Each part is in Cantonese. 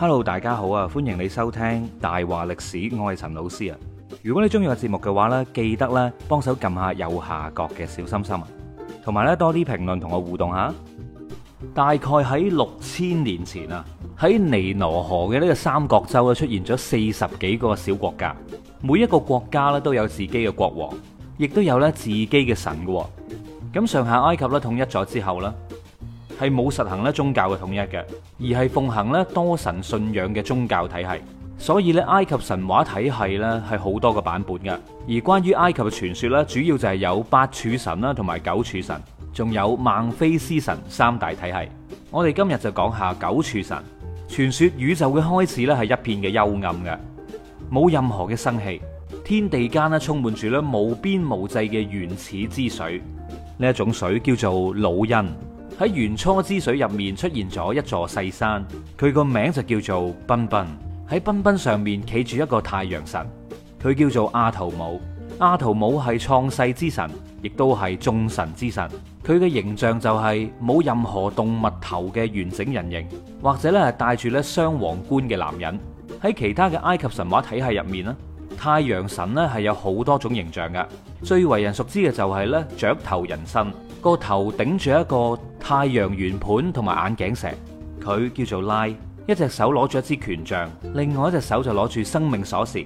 Hello，大家好啊！歡迎你收聽大話歷史，我係陳老師啊。如果你中意個節目嘅話呢，記得咧幫手撳下右下角嘅小心心，啊，同埋呢多啲評論同我互動下。大概喺六千年前啊，喺尼羅河嘅呢個三角洲啊，出現咗四十幾個小國家，每一個國家咧都有自己嘅國王，亦都有咧自己嘅神嘅。咁上下埃及咧統一咗之後呢。係冇實行咧宗教嘅統一嘅，而係奉行咧多神信仰嘅宗教體系。所以咧，埃及神話體系咧係好多個版本噶。而關於埃及嘅傳說咧，主要就係有八柱神啦，同埋九柱神，仲有孟菲斯神三大體系。我哋今日就講下九柱神傳說。宇宙嘅開始咧係一片嘅幽暗嘅，冇任何嘅生氣，天地間咧充滿住咧無邊無際嘅原始之水，呢一種水叫做老恩。喺原初之水入面出現咗一座細山，佢個名就叫做奔奔。喺奔奔上面企住一個太陽神，佢叫做阿圖姆。阿圖姆係創世之神，亦都係眾神之神。佢嘅形象就係冇任何動物頭嘅完整人形，或者咧係戴住咧雙皇冠嘅男人。喺其他嘅埃及神話體系入面咧。太陽神咧係有好多種形象嘅，最為人熟知嘅就係、是、咧，雀頭人身個頭頂住一個太陽圓盤同埋眼鏡蛇。佢叫做拉。一隻手攞住一支權杖，另外一隻手就攞住生命鎖匙。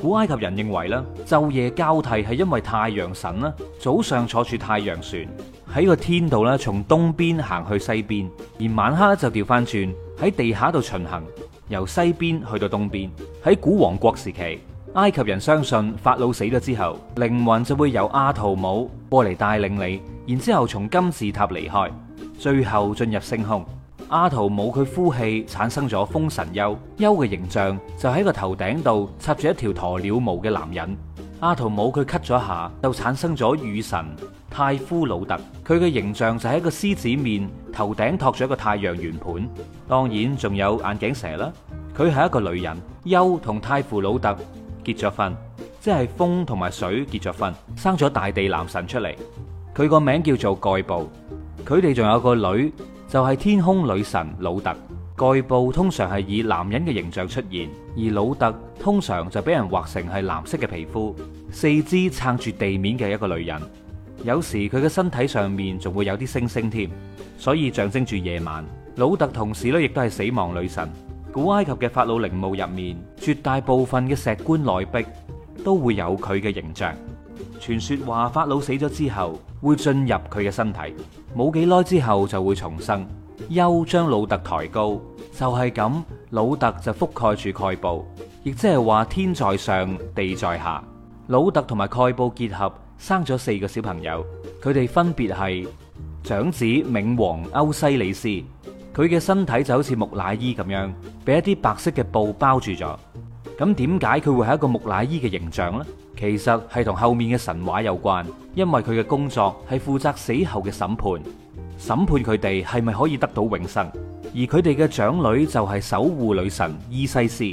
古埃及人認為咧，晝夜交替係因為太陽神啦，早上坐住太陽船喺個天度咧，從東邊行去西邊，而晚黑就掉翻轉喺地下度巡行，由西邊去到東邊。喺古王國時期。埃及人相信法老死咗之後，靈魂就會由阿圖姆過嚟帶領你，然之後從金字塔離開，最後進入星空。阿圖姆佢呼氣產生咗風神優，優嘅形象就喺個頭頂度插住一條鴕鳥毛嘅男人。阿圖姆佢咳咗下，就產生咗雨神泰夫魯特，佢嘅形象就係一個獅子面，頭頂托咗一個太陽圓盤。當然仲有眼鏡蛇啦，佢係一個女人。優同太父魯特。結咗婚，即係風同埋水結咗婚，生咗大地男神出嚟。佢個名叫做蓋布，佢哋仲有個女，就係天空女神魯特。蓋布通常係以男人嘅形象出現，而魯特通常就俾人畫成係藍色嘅皮膚，四肢撐住地面嘅一個女人。有時佢嘅身體上面仲會有啲星星添，所以象徵住夜晚。魯特同時咧亦都係死亡女神。古埃及嘅法老陵墓入面。絕大部分嘅石棺內壁都會有佢嘅形象。傳說話法老死咗之後會進入佢嘅身體，冇幾耐之後就會重生。丘將老特抬高，就係咁，老特就覆蓋住蓋布，亦即係話天在上，地在下。老特同埋蓋布結合，生咗四個小朋友，佢哋分別係長子冥王歐西里斯。佢嘅身體就好似木乃伊咁樣，俾一啲白色嘅布包住咗。咁點解佢會係一個木乃伊嘅形象呢？其實係同後面嘅神話有關，因為佢嘅工作係負責死後嘅審判，審判佢哋係咪可以得到永生。而佢哋嘅長女就係守護女神伊西斯，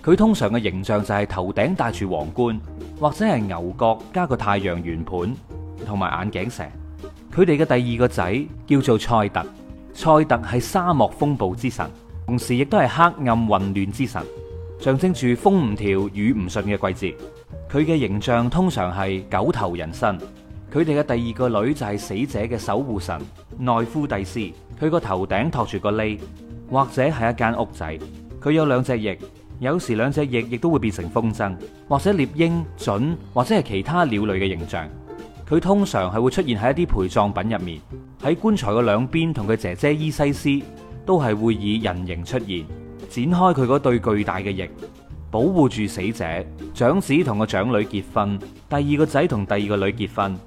佢通常嘅形象就係頭頂戴住皇冠，或者係牛角加個太陽圓盤，同埋眼鏡蛇。佢哋嘅第二個仔叫做塞特。賽特係沙漠風暴之神，同時亦都係黑暗混亂之神，象徵住風唔調雨唔順嘅季節。佢嘅形象通常係狗頭人身。佢哋嘅第二個女就係死者嘅守護神內夫蒂斯。佢個頭頂托住個笠，或者係一間屋仔。佢有兩隻翼，有時兩隻翼亦都會變成風箏，或者獵鷹、隼，或者係其他鳥類嘅形象。佢通常係會出現喺一啲陪葬品入面。喺棺材嘅兩邊，同佢姐姐伊西斯都係會以人形出現，展開佢嗰對巨大嘅翼，保護住死者。長子同個長女結婚，第二個仔同第二個女結婚。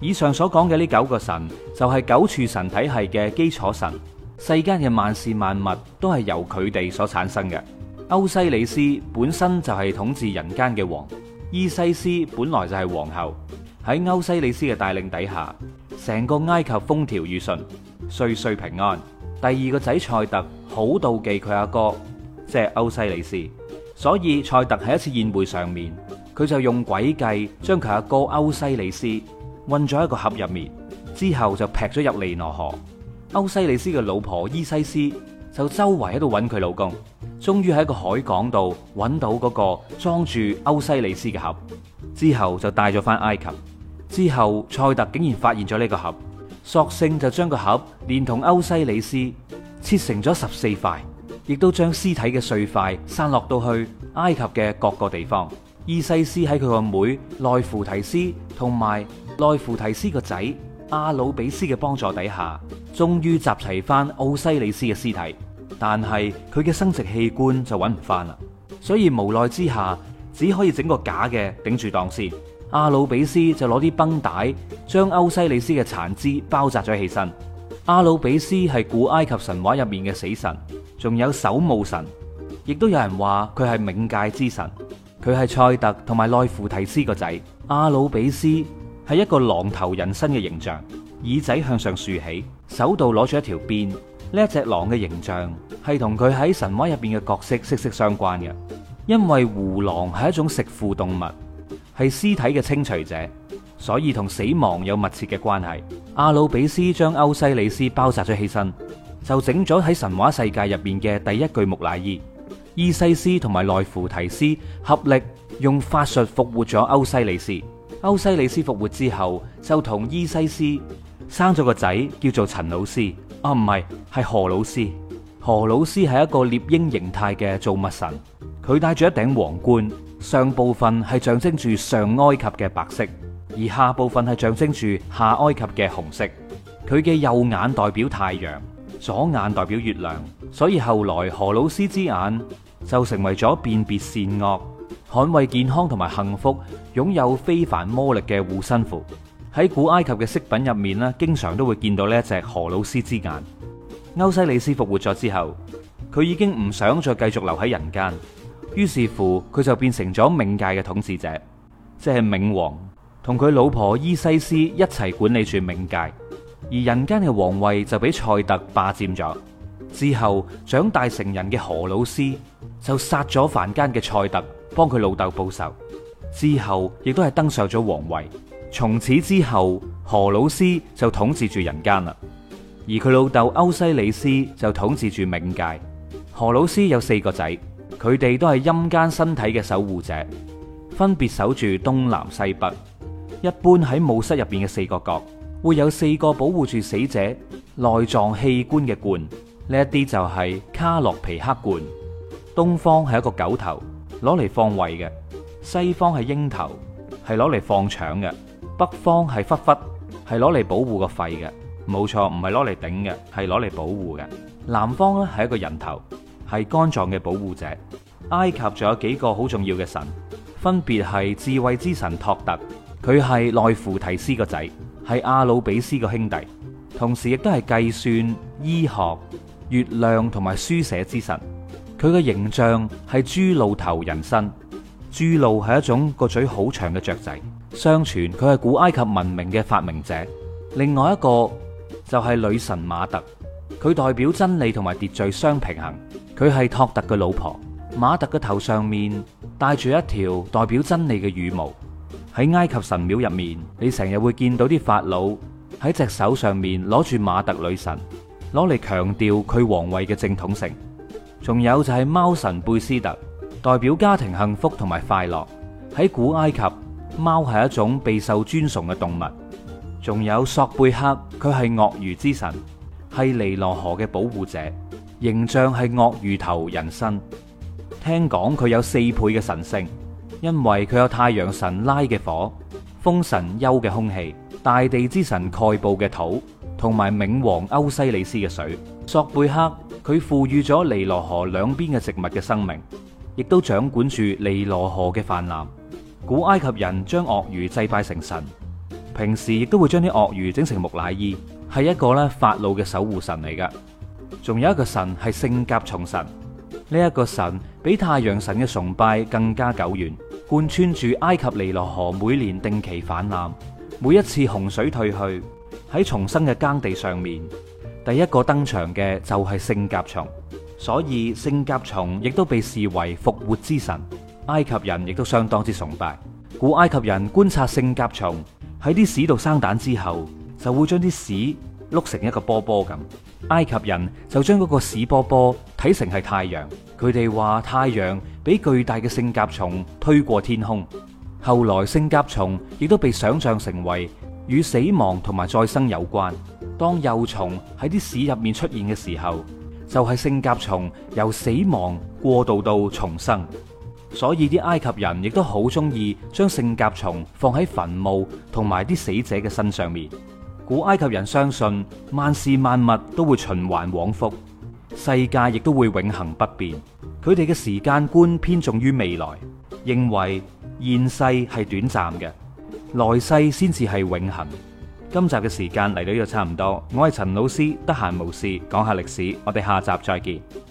以上所講嘅呢九個神，就係九柱神體系嘅基礎神，世間嘅萬事萬物都係由佢哋所產生嘅。歐西里斯本身就係統治人間嘅王，伊西斯本來就係皇后。喺歐西里斯嘅帶領底下，成個埃及風調雨順、歲歲平安。第二個仔塞特好妒忌佢阿哥，即係歐西里斯，所以塞特喺一次宴會上面，佢就用詭計將佢阿哥歐西里斯混咗一個盒入面，之後就劈咗入尼羅河。歐西里斯嘅老婆伊西斯就周圍喺度揾佢老公，終於喺個海港度揾到嗰個裝住歐西里斯嘅盒，之後就帶咗翻埃及。之後，塞特竟然發現咗呢個盒，索性就將個盒連同歐西里斯切成咗十四塊，亦都將屍體嘅碎塊散落到去埃及嘅各個地方。伊西斯喺佢個妹奈芙提斯同埋奈芙提斯個仔阿努比斯嘅幫助底下，終於集齊翻奧西里斯嘅屍體，但係佢嘅生殖器官就揾唔翻啦，所以無奈之下，只可以整個假嘅頂住檔先。阿努比斯就攞啲繃帶將歐西里斯嘅殘肢包紮咗起身。阿努比斯係古埃及神話入面嘅死神，仲有守墓神，亦都有人話佢係冥界之神。佢係塞特同埋奈芙提斯個仔。阿努比斯係一個狼頭人身嘅形象，耳仔向上豎起，手度攞住一條鞭。呢一隻狼嘅形象係同佢喺神話入面嘅角色息息相關嘅，因為胡狼係一種食腐動物。係屍體嘅清除者，所以同死亡有密切嘅關係。阿努比斯將歐西里斯包紮咗起身，就整咗喺神話世界入面嘅第一具木乃伊。伊西斯同埋奈芙提斯合力用法術復活咗歐西里斯。歐西里斯復活之後，就同伊西斯生咗個仔，叫做陳魯斯。啊，唔係，係荷魯斯。荷魯斯係一個獵鷹形態嘅造物神，佢戴住一頂皇冠。上部分係象徵住上埃及嘅白色，而下部分係象徵住下埃及嘅紅色。佢嘅右眼代表太陽，左眼代表月亮，所以後來荷魯斯之眼就成為咗辨別善惡、捍衛健康同埋幸福、擁有非凡魔力嘅護身符。喺古埃及嘅飾品入面啦，經常都會見到呢一隻荷魯斯之眼。歐西里斯復活咗之後，佢已經唔想再繼續留喺人間。於是乎，佢就變成咗冥界嘅統治者，即係冥王，同佢老婆伊西斯一齊管理住冥界。而人間嘅王位就俾塞特霸佔咗。之後長大成人嘅何老師就殺咗凡間嘅塞特，幫佢老豆報仇。之後亦都係登上咗王位。從此之後，何老師就統治住人間啦。而佢老豆歐西里斯就統治住冥界。何老師有四個仔。佢哋都係陰間身體嘅守護者，分別守住東南西北。一般喺墓室入邊嘅四個角，會有四個保護住死者內臟器官嘅罐。呢一啲就係卡洛皮克罐。東方係一個狗頭，攞嚟放胃嘅；西方係鷹頭，係攞嚟放腸嘅；北方係狒狒，係攞嚟保護個肺嘅。冇錯，唔係攞嚟頂嘅，係攞嚟保護嘅。南方咧係一個人頭，係肝臟嘅保護者。埃及仲有幾個好重要嘅神，分別係智慧之神托特，佢係內弗提斯個仔，係阿努比斯個兄弟，同時亦都係計算、醫學、月亮同埋書寫之神。佢嘅形象係朱鷺頭人身，朱鷺係一種個嘴好長嘅雀仔。相傳佢係古埃及文明嘅發明者。另外一個就係女神馬特。佢代表真理同埋秩序相平衡，佢係托特嘅老婆。馬特嘅頭上面戴住一條代表真理嘅羽毛。喺埃及神廟入面，你成日會見到啲法老喺隻手上面攞住馬特女神，攞嚟強調佢皇位嘅正統性。仲有就係貓神貝斯特，代表家庭幸福同埋快樂。喺古埃及，貓係一種備受尊崇嘅動物。仲有索貝克，佢係鱷魚之神。係尼羅河嘅保護者，形象係鱷魚頭人身。聽講佢有四倍嘅神性，因為佢有太陽神拉嘅火、風神丘嘅空氣、大地之神蓋布嘅土，同埋冥王歐西里斯嘅水。索貝克佢賦予咗尼羅河兩邊嘅植物嘅生命，亦都掌管住尼羅河嘅泛濫。古埃及人將鱷魚祭拜成神，平時亦都會將啲鱷魚整成木乃伊。係一個咧法老嘅守護神嚟噶，仲有一個神係聖甲蟲神。呢一個神比太陽神嘅崇拜更加久遠，貫穿住埃及尼羅河每年定期泛濫。每一次洪水退去，喺重生嘅耕地上面，第一個登場嘅就係聖甲蟲。所以聖甲蟲亦都被視為復活之神。埃及人亦都相當之崇拜。古埃及人觀察聖甲蟲喺啲屎度生蛋之後。就會將啲屎碌成一個波波咁。埃及人就將嗰個屎波波睇成係太陽。佢哋話太陽俾巨大嘅聖甲蟲推過天空。後來聖甲蟲亦都被想象成為與死亡同埋再生有關。當幼蟲喺啲屎入面出現嘅時候，就係聖甲蟲由死亡過渡到重生。所以啲埃及人亦都好中意將聖甲蟲放喺墳墓同埋啲死者嘅身上面。古埃及人相信萬事萬物都會循環往復，世界亦都會永恒不變。佢哋嘅時間觀偏重於未來，認為現世係短暫嘅，來世先至係永恒。今集嘅時間嚟到呢度差唔多，我係陳老師，得閒無事講下歷史，我哋下集再見。